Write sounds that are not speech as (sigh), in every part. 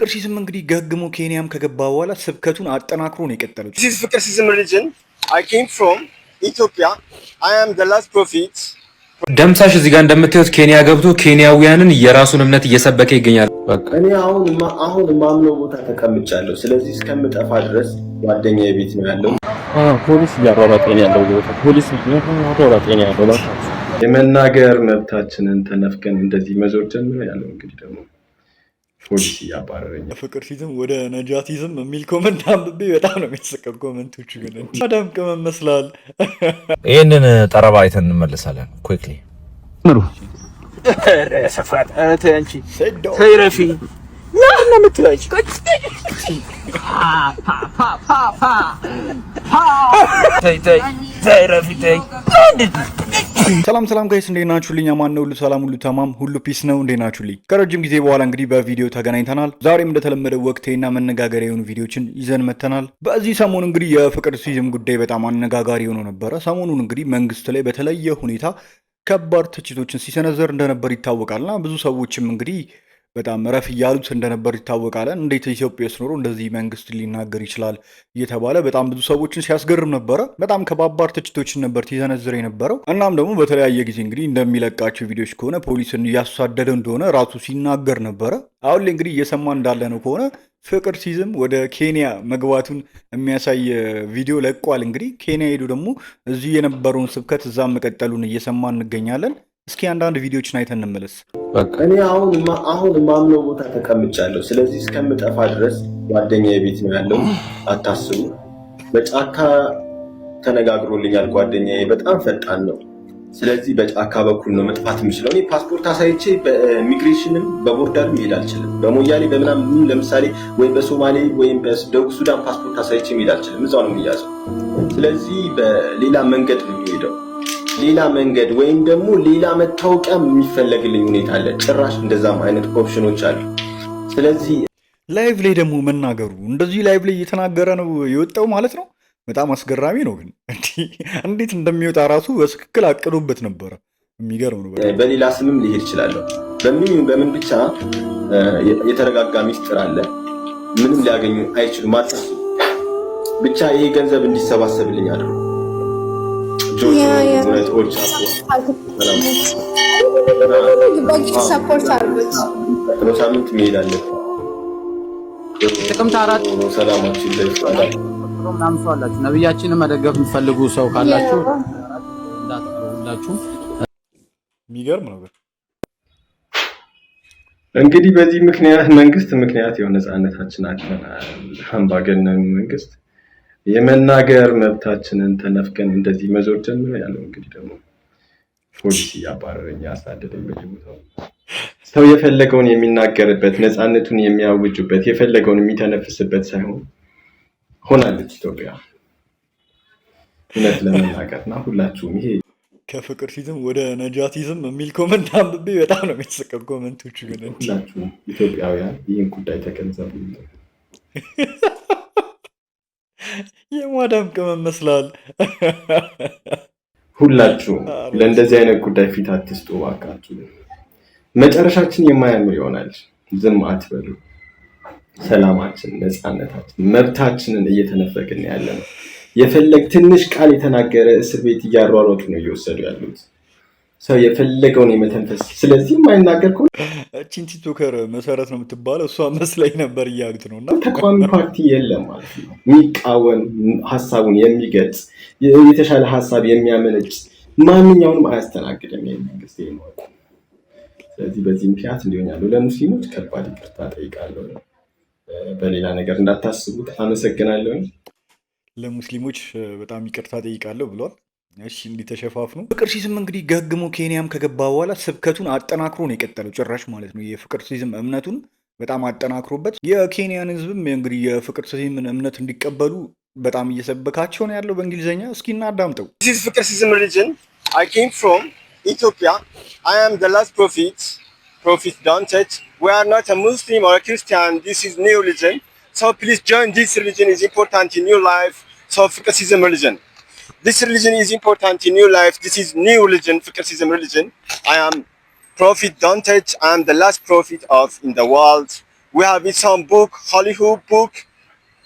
ፍቅር ሲዝም እንግዲህ ገግሞ ኬንያም ከገባ በኋላ ስብከቱን አጠናክሮ ነው የቀጠለው። ዚስ ፍቅር ሲዝም ሪሊጅን አይ ኬም ፍሮም ኢትዮጵያ አይ አም ዘ ላስት ፕሮፊት ደምሳሽ እዚህ ጋር እንደምታዩት ኬንያ ገብቶ ኬንያውያንን የራሱን እምነት እየሰበከ ይገኛል። እኔ አሁን አሁን ማምነው ቦታ ተቀምጫለሁ። ስለዚህ እስከምጠፋ ድረስ ጓደኛ የቤት ነው ያለው። ፖሊስ እያሯሯጠኝ ያለው ፖሊስ እያሯሯጠኝ ያለው የመናገር መብታችንን ተነፍገን እንደዚህ መዞር ጀምረ ያለው እንግዲህ ደግሞ ፖሊሲ እያባረረኝ ፍቅር ሲዝም ወደ ነጃቲዝም የሚል ኮመንት አንብቤ በጣም ነው የሚያስቀው። ኮመንቶች ግን ማዳም ቅመም መስላል። ይህንን ጠረባ አይተን እንመለሳለን። ኩክሊ ምሩ ሰፋት አንቺ ተይረፊ ምንድን ነው ተይ ተይ ተይረፊ ተይ ሰላም ሰላም ጋይስ እንዴት ናችሁልኝ? አማን ነው ሁሉ ሰላም ሁሉ ተማም ሁሉ ፒስ ነው። እንዴት ናችሁልኝ? ከረጅም ጊዜ በኋላ እንግዲህ በቪዲዮ ተገናኝተናል። ዛሬም እንደተለመደው ወቅቴና መነጋገር የሆኑ ቪዲዮችን ይዘን መተናል። በዚህ ሰሞን እንግዲህ የፍቅር ሲዝም ጉዳይ በጣም አነጋጋሪ ሆኖ ነበረ። ሰሞኑን እንግዲህ መንግስት ላይ በተለየ ሁኔታ ከባድ ትችቶችን ሲሰነዘር እንደነበር ይታወቃልና ብዙ ሰዎችም እንግዲህ በጣም ረፍ እያሉት እንደነበር ይታወቃል። እንዴት ኢትዮጵያ ስኖሩ እንደዚህ መንግስት ሊናገር ይችላል እየተባለ በጣም ብዙ ሰዎችን ሲያስገርም ነበረ። በጣም ከባባር ትችቶችን ነበር ሲዘነዝር የነበረው። እናም ደግሞ በተለያየ ጊዜ እንግዲህ እንደሚለቃቸው ቪዲዮዎች ከሆነ ፖሊስን እያሳደደ እንደሆነ ራሱ ሲናገር ነበረ። አሁን ላይ እንግዲህ እየሰማ እንዳለ ነው ከሆነ ፍቅር ሲዝም ወደ ኬንያ መግባቱን የሚያሳይ ቪዲዮ ለቋል። እንግዲህ ኬንያ ሄዱ ደግሞ እዚህ የነበረውን ስብከት እዛም መቀጠሉን እየሰማ እንገኛለን። እስኪ አንዳንድ ቪዲዮዎችን አይተን እንመለስ። እኔ አሁን አሁን ማምነው ቦታ ተቀምጫለሁ። ስለዚህ እስከምጠፋ ድረስ ጓደኛ ቤት ነው ያለው፣ አታስቡ። በጫካ ተነጋግሮልኛል ጓደኛ በጣም ፈጣን ነው። ስለዚህ በጫካ በኩል ነው መጥፋት የምችለው። እኔ ፓስፖርት አሳይቼ በኢሚግሬሽንም በቦርደርም መሄድ አልችልም። በሞያሌ በምናምን ለምሳሌ ወይም በሶማሌ ወይም በደቡብ ሱዳን ፓስፖርት አሳይቼ መሄድ አልችልም። እዛው ነው የሚያዘው። ስለዚህ በሌላ መንገድ ነው የሚሄደው ሌላ መንገድ ወይም ደግሞ ሌላ መታወቂያ የሚፈለግልኝ ሁኔታ አለ። ጭራሽ እንደዛም አይነት ኦፕሽኖች አሉ። ስለዚህ ላይቭ ላይ ደግሞ መናገሩ እንደዚህ ላይቭ ላይ እየተናገረ ነው የወጣው ማለት ነው። በጣም አስገራሚ ነው። ግን እንዴት እንደሚወጣ ራሱ በትክክል አቅዶበት ነበረ። የሚገርም ነው። በሌላ ስምም ሊሄድ ይችላለሁ። በምን በምን ብቻ የተረጋጋ ሚስጥር አለ። ምንም ሊያገኙ አይችሉም። ብቻ ይሄ ገንዘብ እንዲሰባሰብልኝ አድርጉ ሳምንት እንሄዳለን። አራት ነብያችንን መደገፍ የምትፈልጉ ሰው ካላችሁ የሚገርም እንግዲህ በዚህ ምክንያት መንግስት ምክንያት የሆነ ነፃነታችን አለን አምባገነን መንግስት የመናገር መብታችንን ተነፍገን እንደዚህ መዞር ጀምረ ያለው እንግዲህ ደግሞ ፖሊሲ እያባረረኝ ያሳደደኝ በየቦታው ሰው የፈለገውን የሚናገርበት ነፃነቱን የሚያውጁበት የፈለገውን የሚተነፍስበት ሳይሆን ሆናለች ኢትዮጵያ እውነት ለመናገር እና ሁላችሁም ይሄ ከፍቅር ሲዝም ወደ ነጃቲዝም የሚል ኮመንት አንብቤ በጣም ነው የሚያስቀው ኮመንቶቹ ግን ሁላችሁም ኢትዮጵያውያን ይህን ጉዳይ ተገንዘቡ የማዳም ቅመም መስላል። ሁላችሁም ለእንደዚህ አይነት ጉዳይ ፊት አትስጡ እባካችሁ። መጨረሻችን የማያምር ይሆናል። ዝም አትበሉ። ሰላማችን፣ ነፃነታችን፣ መብታችንን እየተነፈቅን ያለ ነው። የፈለግ ትንሽ ቃል የተናገረ እስር ቤት እያሯሯጡ ነው እየወሰዱ ያሉት። ሰው የፈለገውን የመተንፈስ ስለዚህ የማይናገር ከሆነ እቺን ቲክቶከር መሰረት ነው የምትባለው እሷ መስላኝ ነበር እያሉት ነው። እና ተቃዋሚ ፓርቲ የለም ማለት ነው የሚቃወም ሀሳቡን የሚገልጽ የተሻለ ሀሳብ የሚያመነጭ ማንኛውንም አያስተናግድም ይህ መንግስት ይመቁ። ስለዚህ በዚህ ምክንያት እንዲሆኛሉ ለሙስሊሞች ከባድ ይቅርታ ጠይቃለሁ። በሌላ ነገር እንዳታስቡት። አመሰግናለሁ። ለሙስሊሞች በጣም ይቅርታ ጠይቃለሁ ብሏል። እሺ እንዲህ ተሸፋፍኑ ፍቅር ሲዝም እንግዲህ ገግሞ ኬንያም ከገባ በኋላ ስብከቱን አጠናክሮ ነው የቀጠለው። ጭራሽ ማለት ነው የፍቅር ሲዝም እምነቱን በጣም አጠናክሮበት የኬንያን ህዝብም እንግዲህ የፍቅር ሲዝምን እምነት እንዲቀበሉ በጣም እየሰበካቸው ነው ያለው በእንግሊዝኛ። እስኪ እናዳምጠው። ፍቅር ሲዝም ሪሊጅን አይ ኬም ፍሮም ኢትዮጵያ አይ አም ዘ ላስት ፕሮፊት ፕሮፊት ዳን ቸርች ዊ አር ኖት ኤ ሙስሊም ኦር ክርስቲያን ዲስ ኢዝ ኒው ሪሊጅን ሶ ፕሊዝ ጆይን ዲስ ሪሊጅን ኢዝ ኢምፖርታንት ኢን ዩር ላይፍ ሶ ፍቅር ሲዝም ሪሊጅን This religion is important in your life. This is new religion, Fikrsism religion. I am Prophet Dante. I am the last prophet of in the world. We have in some book, holy book,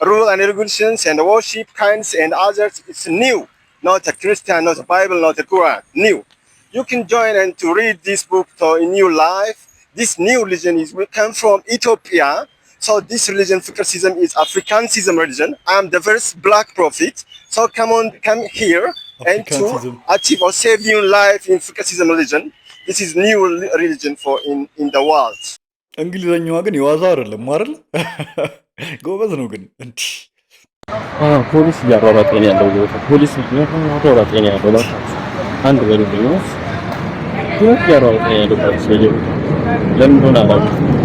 rule and regulations and worship kinds and others. It's new, not a Christian, not a Bible, not a Quran, new. You can join and to read this book to, in new life. This new religion is we come from Ethiopia So this religion, Fikrsism, is Africanism religion. I am the first black prophet. So come on, come here and to achieve or save your life in Fikrsism religion. This is new religion for in, in the world. እንግሊዘኛዋ ግን የዋዛ አይደለም አይደል? ጎበዝ ነው ግን እንዲህ ፖሊስ እያሯሯጠኝ ያለው ፖሊስ እያሯሯጠኝ ያለው አንድ በሉ ሁለት እያሯሯጠኝ ያለው ፖሊስ ለምን እንደሆነ አላውቅም።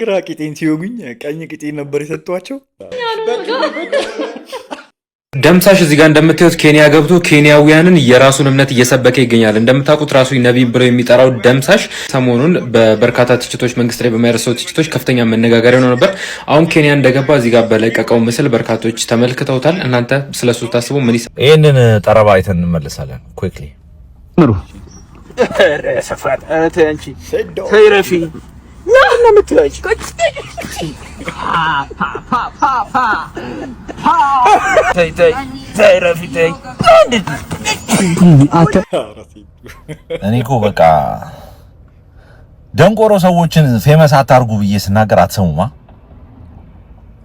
ግራ ቂጤን ሲወጉኝ ቀኝ ቂጤን ነበር የሰጧቸው። ደምሳሽ እዚህ ጋር እንደምታዩት ኬንያ ገብቶ ኬንያውያንን የራሱን እምነት እየሰበከ ይገኛል። እንደምታውቁት ራሱ ነቢ ብለው የሚጠራው ደምሳሽ ሰሞኑን በበርካታ ትችቶች፣ መንግስት ላይ በማይረሰው ትችቶች ከፍተኛ መነጋገሪያ ሆኖ ነበር። አሁን ኬንያ እንደገባ እዚህ ጋር በለቀቀው ምስል በርካቶች ተመልክተውታል። እናንተ ስለሱ ታስቡ ምን ይህንን ጠረባ አይተን እንመለሳለን። ኩክሊ ስፋት ኧረ እኔ እኮ በቃ ደንቆሮ ሰዎችን ፌመስ አታርጉ ብዬ ስናገር አትሰሙማ።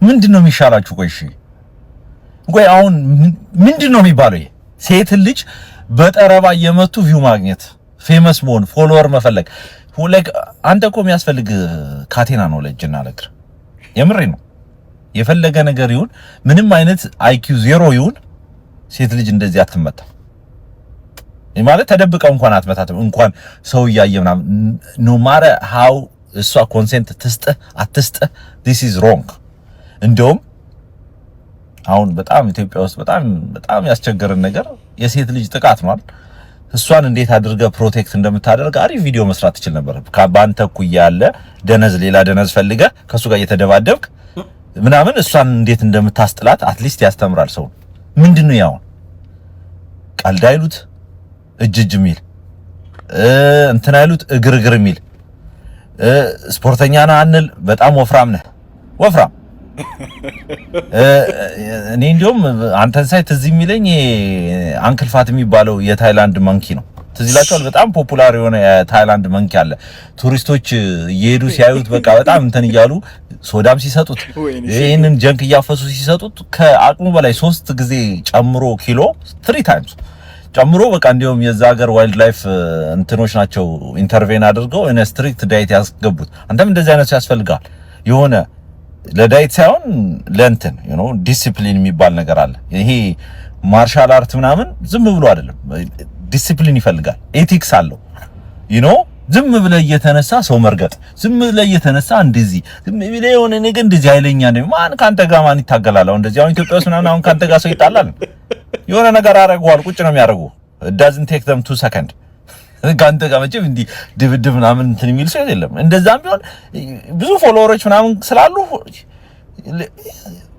ምንድን ነው የሚሻላችሁ? ቆይ እሺ ቆይ አሁን ምንድን ነው የሚባለው? ሴትን ልጅ በጠረባ እየመቱ ቪው ማግኘት ፌመስ መሆን ፎሎወር መፈለግ ላይክ አንተ እኮ የሚያስፈልግ ካቴና ነው ለእጅና ለእግር የምሬ ነው። የፈለገ ነገር ይሁን ምንም አይነት አይኪው ዜሮ ይሁን ሴት ልጅ እንደዚህ አትመታም ማለት ተደብቀው እንኳን አትመታትም። እንኳን ሰው እያየ ምናምን ኖ ማረ ሃው እሷ ኮንሴንት ትስጥህ አትስጥህ ዲስ ኢዝ ሮንግ። እንደውም አሁን በጣም ኢትዮጵያ ውስጥ በጣም በጣም ያስቸገረን ነገር የሴት ልጅ ጥቃት ነው። እሷን እንዴት አድርገ ፕሮቴክት እንደምታደርግ አሪፍ ቪዲዮ መስራት ትችል ነበር። በአንተ እኩያ ያለ ደነዝ ሌላ ደነዝ ፈልገ ከሱ ጋር እየተደባደብክ ምናምን እሷን እንዴት እንደምታስጥላት አትሊስት ያስተምራል። ሰው ምንድነው ያውን ቀልድ አይሉት እጅ እጅ ሚል እንትን አይሉት እግር እግር ሚል ስፖርተኛ ነህ አንል። በጣም ወፍራም ነህ፣ ወፍራም እኔ እንዲሁም አንተን ሳይ ትዝ የሚለኝ አንክልፋት የሚባለው የታይላንድ መንኪ ነው። ትዝ ይላችኋል? በጣም ፖፑላር የሆነ የታይላንድ መንኪ አለ። ቱሪስቶች እየሄዱ ሲያዩት በቃ በጣም እንትን እያሉ ሶዳም ሲሰጡት ይህንን ጀንክ እያፈሱ ሲሰጡት ከአቅሙ በላይ ሶስት ጊዜ ጨምሮ ኪሎ ትሪ ታይምስ ጨምሮ በቃ እንዲሁም የዛ ሀገር ዋይልድ ላይፍ እንትኖች ናቸው ኢንተርቬን አድርገው ስትሪክት ዳይት ያስገቡት። አንተም እንደዚህ አይነት ያስፈልጋል የሆነ ለዳይት ሳይሆን ለእንትን ዲሲፕሊን የሚባል ነገር አለ። ይሄ ማርሻል አርት ምናምን ዝም ብሎ አይደለም፣ ዲሲፕሊን ይፈልጋል። ኤቲክስ አለው ዩ ኖ ዝም ብለ እየተነሳ ሰው መርገጥ፣ ዝም ብለ እየተነሳ እንደዚህ ዝም ብለ የሆነ ነገር እንደዚህ ኃይለኛ ነው። ማን ካንተ ጋር ማን ይታገላል? አሁን እንደዚህ አሁን ኢትዮጵያ ውስጥ ምናምን አሁን ካንተ ጋር ሰው ይጣላል፣ የሆነ ነገር አረጋው አልቁጭ ነው የሚያደርጉ ዳዝንት ቴክ ዘም ቱ ሰከንድ ከአንተ ጋር መቼም እንዲህ ድብድብ ምናምን እንትን የሚል ሰው የለም። እንደዛም ቢሆን ብዙ ፎሎወሮች ምናምን ስላሉ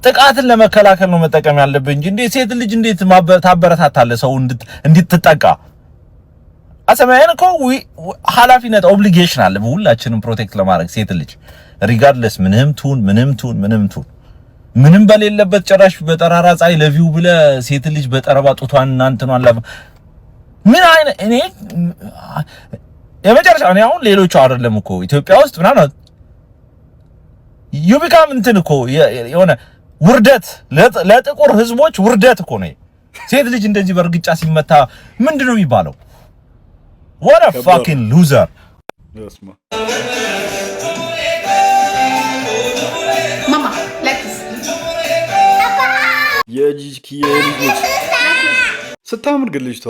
ጥቃትን ለመከላከል ነው መጠቀም ያለብህ እንጂ እንዴት ሴት ልጅ እንዴት ታበረታታለህ? ሰው እንድትጠቃ አሰማያን እኮ ኃላፊነት ኦብሊጌሽን አለ ሁላችንም ፕሮቴክት ለማድረግ ሴት ልጅ ሪጋርድለስ ምንም ቱን ምንም ቱን ምንም ቱን ምንም በሌለበት ጭራሽ በጠራራ ፀሐይ ለቪው ብለ ሴት ልጅ በጠረባ ጡቷን እናንትኗን ምን አይነት እኔ የመጨረሻ እኔ አሁን ሌሎቹ አይደለም እኮ ኢትዮጵያ ውስጥ ምናምን ዩቢካም እንትን እኮ የሆነ ውርደት ለጥቁር ህዝቦች ውርደት እኮ ነው። ሴት ልጅ እንደዚህ በእርግጫ ሲመታ ምንድን ነው የሚባለው? what a fucking loser የጂጂ ስታምር ግን ልጅቷ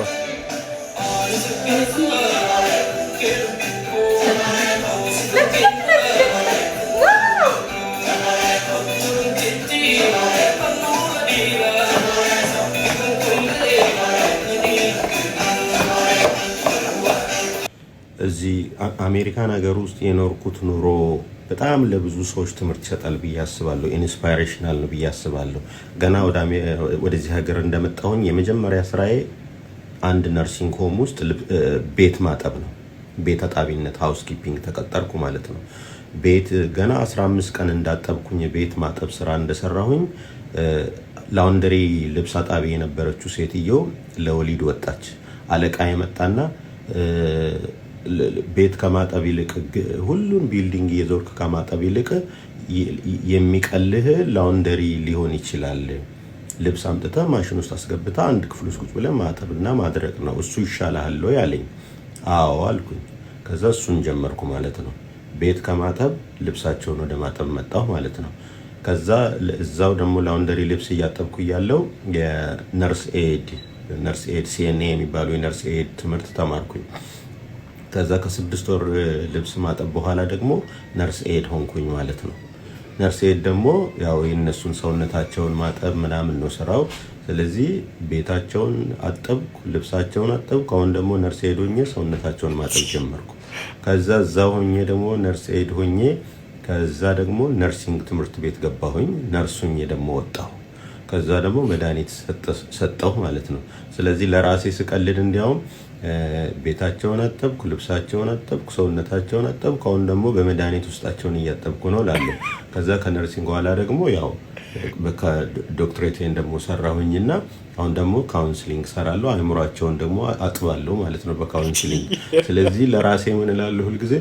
እዚህ አሜሪካን ሀገር ውስጥ የኖርኩት ኑሮ በጣም ለብዙ ሰዎች ትምህርት ይሰጣል ብዬ አስባለሁ። ኢንስፓይሬሽናል ነው ብዬ አስባለሁ። ገና ወደዚህ ሀገር እንደመጣሁኝ የመጀመሪያ ስራዬ አንድ ነርሲንግ ሆም ውስጥ ቤት ማጠብ ነው። ቤት አጣቢነት ሃውስ ኪፒንግ ተቀጠርኩ ማለት ነው። ቤት ገና 15 ቀን እንዳጠብኩኝ ቤት ማጠብ ስራ እንደሰራሁኝ ላውንደሪ ልብስ አጣቢ የነበረችው ሴትዮ ለወሊድ ወጣች። አለቃ የመጣና ቤት ከማጠብ ይልቅ ሁሉን ቢልዲንግ የዞርክ ከማጠብ ይልቅ የሚቀልህ ላውንደሪ ሊሆን ይችላል ልብስ አምጥተ ማሽን ውስጥ አስገብታ አንድ ክፍል ውስጥ ቁጭ ብለህ ማጠብና ማድረቅ ነው እሱ ይሻልሃል ያለኝ። አዎ አልኩኝ። ከዛ እሱን ጀመርኩ ማለት ነው። ቤት ከማጠብ ልብሳቸውን ወደ ማጠብ መጣሁ ማለት ነው። ከዛ እዛው ደግሞ ላውንደሪ ልብስ እያጠብኩ እያለው የነርስ ኤድ ነርስ ኤድ ሲኤንኤ የሚባሉ የነርስ ኤድ ትምህርት ተማርኩኝ። ከዛ ከስድስት ወር ልብስ ማጠብ በኋላ ደግሞ ነርስ ኤድ ሆንኩኝ ማለት ነው። ጋር ደግሞ ያው የነሱን ሰውነታቸውን ማጠብ ምናምን ነው ስራው። ስለዚህ ቤታቸውን አጠብኩ፣ ልብሳቸውን አጠብኩ። አሁን ደግሞ ነርስ ኤድ ሆኜ ሰውነታቸውን ማጠብ ጀመርኩ። ከዛ እዛ ሆኜ ደግሞ ነርስ ኤድ ሆኜ ከዛ ደግሞ ነርሲንግ ትምህርት ቤት ገባሁኝ። ነርሱኝ ደግሞ ወጣሁ። ከዛ ደግሞ መድኃኒት ሰጠሁ ማለት ነው። ስለዚህ ለራሴ ስቀልድ እንዲያውም ቤታቸውን አጠብኩ፣ ልብሳቸውን አጠብኩ፣ ሰውነታቸውን አጠብኩ። አሁን ደግሞ በመድኃኒት ውስጣቸውን እያጠብኩ ነው ላለሁ። ከዛ ከነርሲንግ በኋላ ደግሞ ያው ዶክትሬቴን ደግሞ ሰራሁኝና አሁን ደግሞ ካውንስሊንግ ሰራለሁ፣ አእምሯቸውን ደግሞ አጥባለሁ ማለት ነው በካውንስሊንግ። ስለዚህ ለራሴ ምን እላለሁ ሁልጊዜ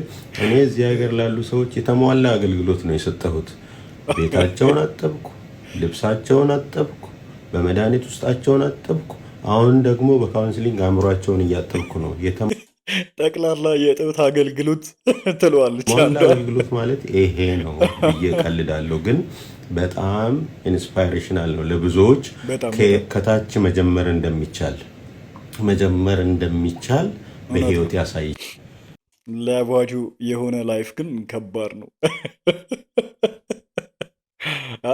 እኔ እዚህ ሀገር ላሉ ሰዎች የተሟላ አገልግሎት ነው የሰጠሁት። ቤታቸውን አጠብኩ ልብሳቸውን አጠብኩ፣ በመድኃኒት ውስጣቸውን አጠብኩ። አሁን ደግሞ በካውንስሊንግ አእምሯቸውን እያጠብኩ ነው። ጠቅላላ የጥብት አገልግሎት (laughs) ትለዋለች። አገልግሎት ማለት ይሄ ነው ብዬ ቀልዳለሁ፣ ግን በጣም ኢንስፓይሬሽናል ነው ለብዙዎች ከታች መጀመር እንደሚቻል መጀመር እንደሚቻል በህይወት ያሳይ። ለአዋጁ የሆነ ላይፍ ግን ከባድ ነው። (laughs)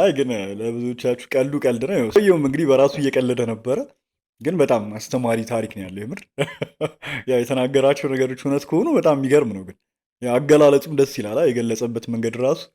አይ ግን ለብዙዎቻችሁ ቀልዱ ቀልድ ነው። ሰውየውም እንግዲህ በራሱ እየቀለደ ነበረ፣ ግን በጣም አስተማሪ ታሪክ ነው ያለው። የምር (laughs) የተናገራቸው ነገሮች እውነት ከሆኑ በጣም የሚገርም ነው። ግን አገላለጹም ደስ ይላል። የገለጸበት መንገድ ራሱ